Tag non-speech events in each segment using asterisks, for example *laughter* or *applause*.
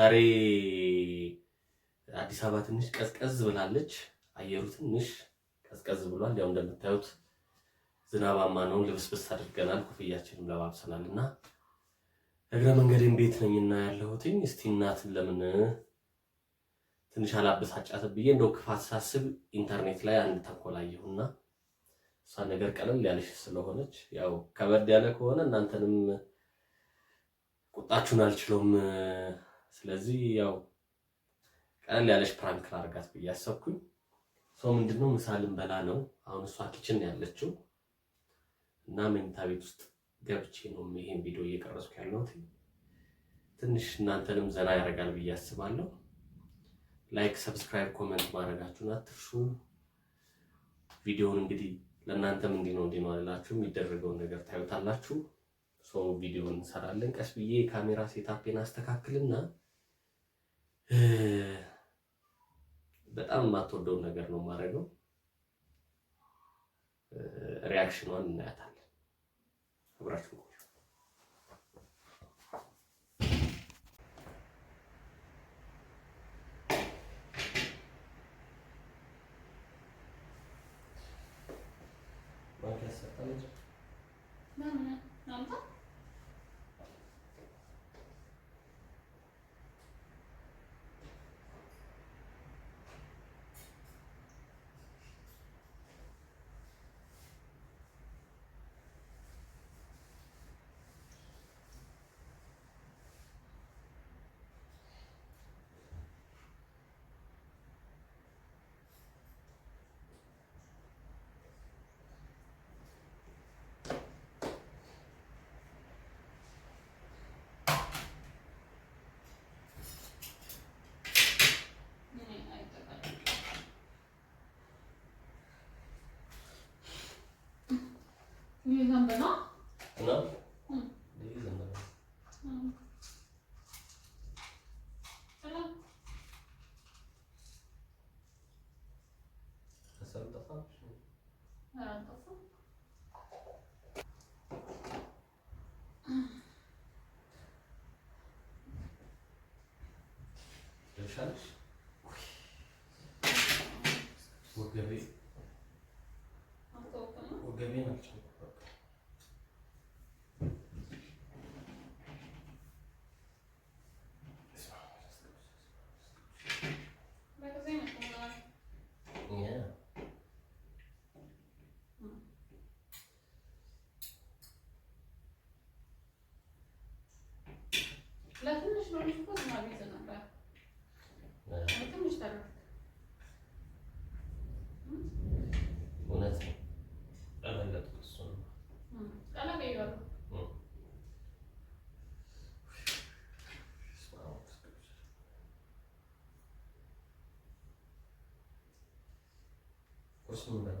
ዛሬ አዲስ አበባ ትንሽ ቀዝቀዝ ብላለች። አየሩ ትንሽ ቀዝቀዝ ብሏል። ያው እንደምታዩት ዝናባማ ነው። ልብስብስ አድርገናል፣ ኮፍያችንም ለባብሰናል እና እግረ መንገዴን ቤት ነኝና ያለሁትኝ እስቲ እናትን ለምን ትንሽ አላበሳጫት ብዬ እንደው ክፋት ሳስብ ኢንተርኔት ላይ አንድ ተንኮል አየሁና እሷ ነገር ቀለል ያለሽ ስለሆነች ያው ከበድ ያለ ከሆነ እናንተንም ቁጣችሁን አልችለውም ስለዚህ ያው ቀለል ያለች ፕራንክ ላርጋት ብዬ አሰብኩኝ። ሰው ምንድነው ምሳ ልንበላ ነው አሁን። እሷ ኪችን ያለችው እና መኝታ ቤት ውስጥ ገብቼ ነው ይሄን ቪዲዮ እየቀረጽኩ ያለሁት። ትንሽ እናንተንም ዘና ያደርጋል ብዬ አስባለሁ። ላይክ፣ ሰብስክራይብ፣ ኮሜንት ማድረጋችሁን አትርሱ። ቪዲዮውን እንግዲህ ለእናንተም እንዲህ ነው እንዲህ ነው አላችሁ የሚደረገውን ነገር ታዩታላችሁ። ሰው ቪዲዮውን እንሰራለን። ቀስ ብዬ የካሜራ ሴታፔን አስተካክልና በጣም የማትወደውን ነገር ነው የማደርገው። ሪያክሽኗን እናያታለን። አብራችሁ yüzden ben al. Buna? Hı. Ne yüzden ben al? Sen de kalmışsın. Herhalde kalmışsın. 是你们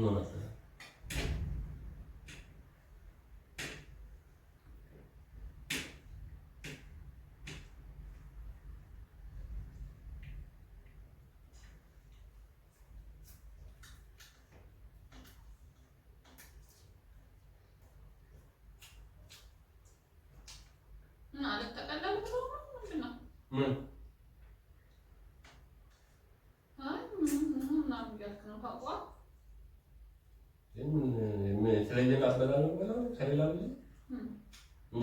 മൂന്ന്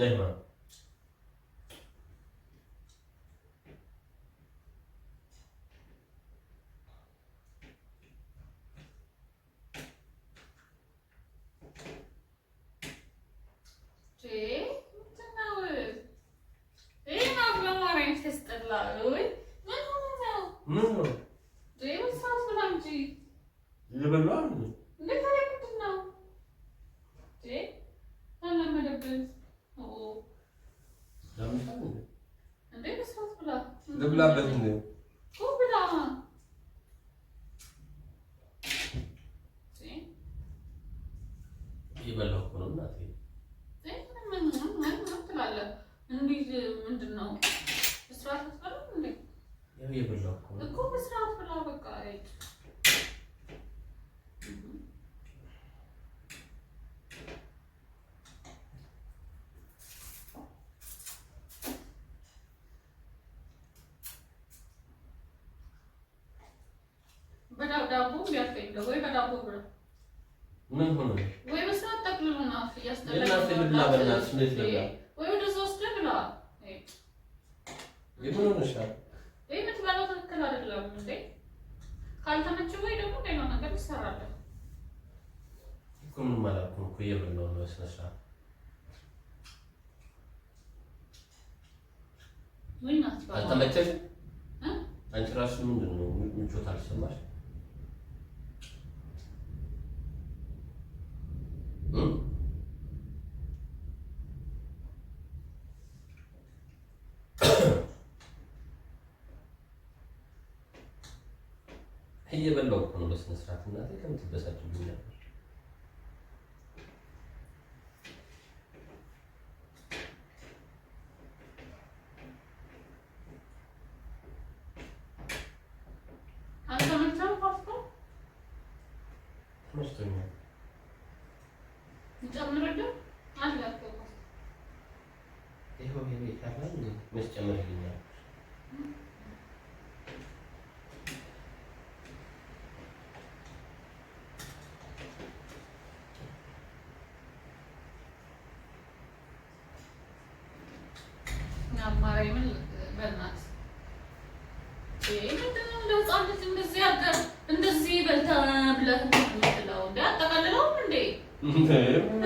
বোঝায় না No, no. weer belokken. De kop is er ምንም አላልኩም እኮ የምለው ነው ስነሳ አልተመቸሽ? አንቺ ራሱ ምንድን ነው ምቾት አልሰማሽ? እየበላሁ እኮ ነው በስነ ስርዓት። እናቴ ከምትበሳጭብኝ ነበር ይመስለኛል። ይኸው ይሄ ይካፈል በእናትህ ምንድን ነው? እንደ ህፃን ልጅ እንደዚህ ያለ 네.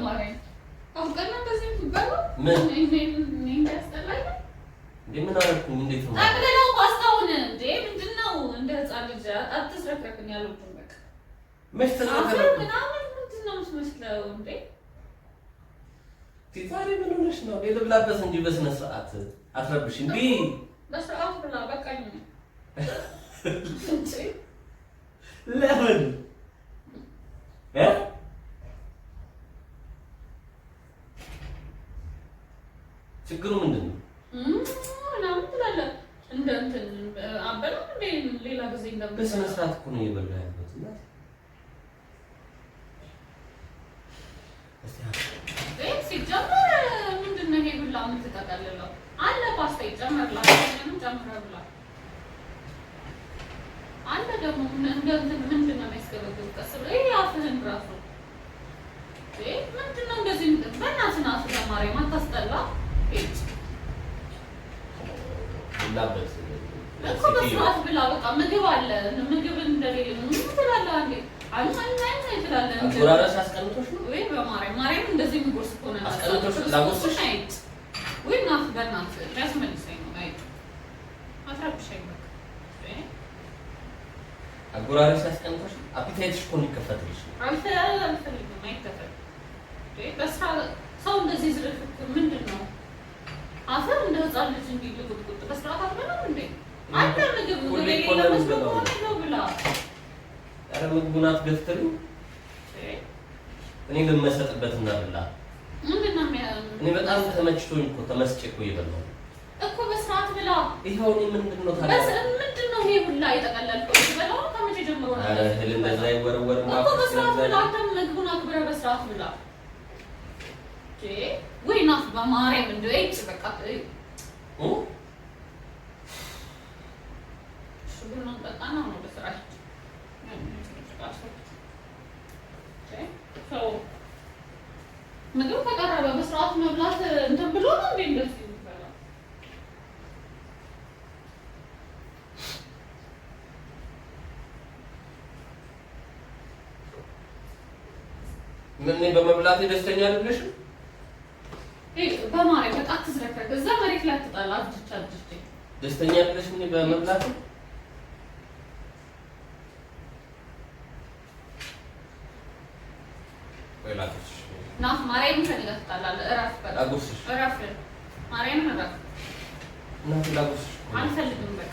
ምን ሆነሽ ነው? ልብላበት እንጂ በስነ ስርዓት አትረብሽ። እንደ በስርዓት ብላ በቃኝ። *laughs* ለምን ችግሩ ምንድን ነው? ምናምን ትላለህ እንደ እንትን ሌላ ጊዜ በስነ ስርዓት እኮ ነው እየበላ ምንድን ነው ይሄ የምትጠቀልለው አለ ፓስታ ይጨመርላል ጨምረብላል አለ ደግሞ እንደ እንትን ፍላጎትሽ አጎራሪሽ አፒታይትሽ እኮ እንዲከፈትልሽ ሰው እንደዚህ ዝርክክ ምንድን ነው? አፈር እንደ ሕፃን ልጅ እንዲህ ልቁጥቁጥ በስርዓት አልበላም እንዴ? አንተ ምግብ ምግብ መስሎ ነው ብላ። ኧረ ምግቡን አትገፍትሪው። እኔ ልመሰጥበት እና ብላ እኔ በጣም ተመችቶኝ እኮ ተመስጬ እኮ እየበላሁ እኮ በስርዓት ብላ። ይኸው እኔ ምንድን ነው ታዲያ ምንድን ነው ይሄ ሁላ የጠቀለልከው? በላው ከመቼ ጀምሮ ነው እህል እንደዛ ይወረወር እኮ። በስርዓት ብላ። አንተም ምግቡን አክብረህ በስርዓት ብላ። ወይ ናት በማርያም እንደው ይጭ በቃ ሽብሩን ምግብ ከቀረበ በስርዓት መብላት እንትን ብሎ ነው እንዴ እንደዚህ የሚባለው? ምን በመብላት ደስተኛ አይደለሽም? በማሬ በቃ አትዝረከክ፣ እዛ መሬት ላይ አትጣል። አብጅቻ አብጅቼ ደስተኛ ምን በመብላት ወይ ላትሽ ናት ማርያም ፈልጋት ታላለ እራፍ በቃ ማርያም እራፍ አልፈልግም በቃ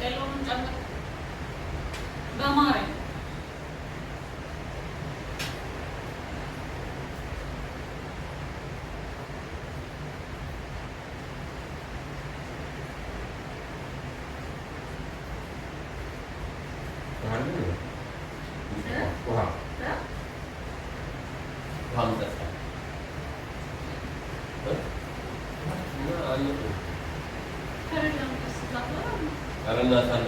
Dalawang ano, gamay. Abdullah Salman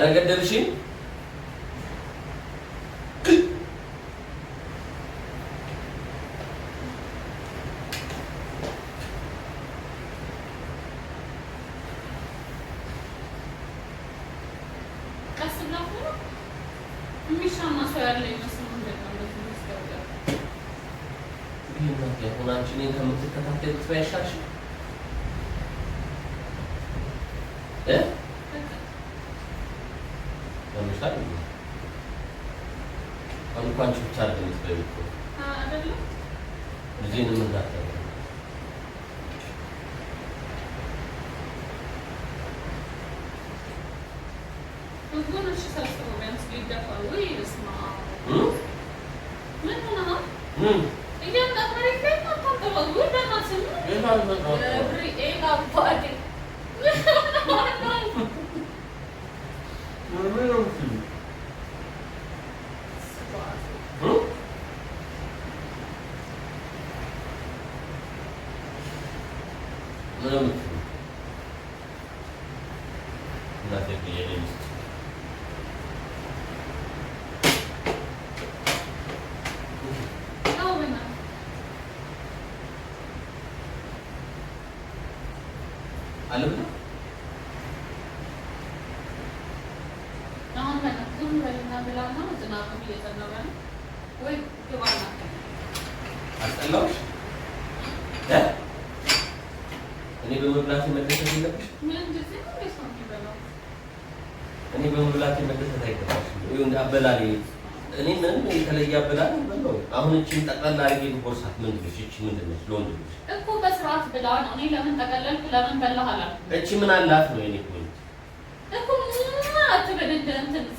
ኧረ ገደብሽኝ። ከምትከታተሉት ባይሻልሽ tahu kalau kau cuci cara ni sebab itu. Ha, ada lagi. Jadi nama Hmm. Ini yang tak mereka tak tahu. Gue dah tak sembuh. Ini yang tak mereka tak tahu. Gue dah tak sembuh. 왜 이렇게 አስጠላሁሽ? እኔ በመብላት መደሰት የለብሽም። እኔ በመብላት መደሰት አይገባሽም። አበላል እኔ ምንም የተለየ አበላል በለው። አሁን እቺን ጠቅላላ አድርጌ ቦርሳት ምንድነሽ? እቺ ምንድነሽ? ለወንድምሽ እኮ በስርዓት ብላ ነው። እኔ ለምን ጠቀለልኩ? ለምን በላህ አላልኩም። እቺ ምን አላት ነው የኔ እኮ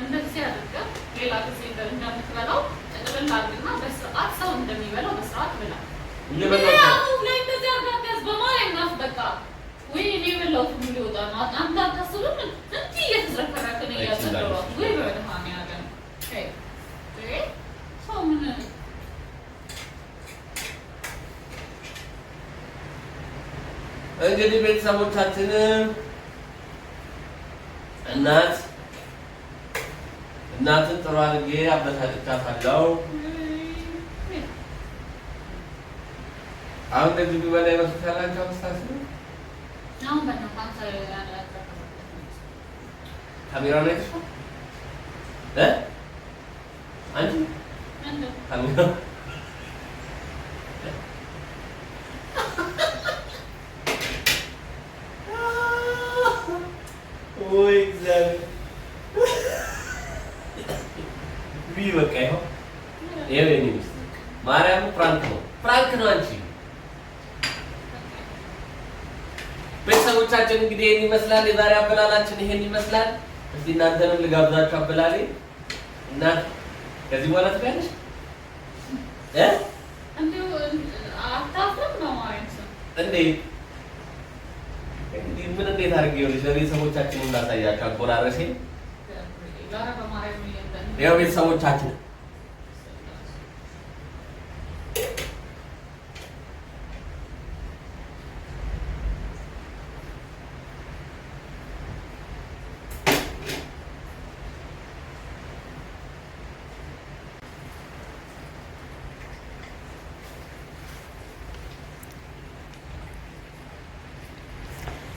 እንደዚህ አድርገህ ሌላ ጊዜ እንደምትበላው ጥቅልል አድርግና በስርዓት ሰው እንደሚበላው በስርዓት ብላ። ላይ እንደዚህ በቃ ወይ እኔ ሊወጣ ነው? አንተ አታስብም? እየተዝረከረክን ወይ ያገን ሰው ምን እንግዲህ ቤተሰቦቻችንም እናት እናትን ጥሩ አድርጌ አበሳጭቻታለሁ። አሁን እንደዚህ ቢበላይ ይመስላችኋል? አስታስቡ። ካሜራ ላይ ካሜራ አበላላችን እንግዲህ ይሄን ይመስላል። የዛሬ አበላላችን ይሄን ይመስላል። እዚህ እናንተንም ልጋብዛችሁ አበላሌ እና ከዚህ በኋላ ትቀያለሽ እ እንደው እንዴ? እንግዲህ ምን እንዴት አድርጌ ይኸውልሽ፣ ለቤተሰቦቻችን እናሳያችሁ አቆራረሴ ያው ቤተሰቦቻችን